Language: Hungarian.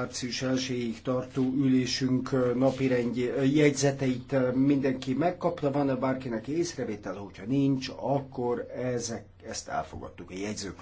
március elsőjéig tartó ülésünk napirendje jegyzeteit mindenki megkapta. Van-e bárkinek észrevétel? Hogyha nincs, akkor ezek, ezt elfogadtuk a jegyzők.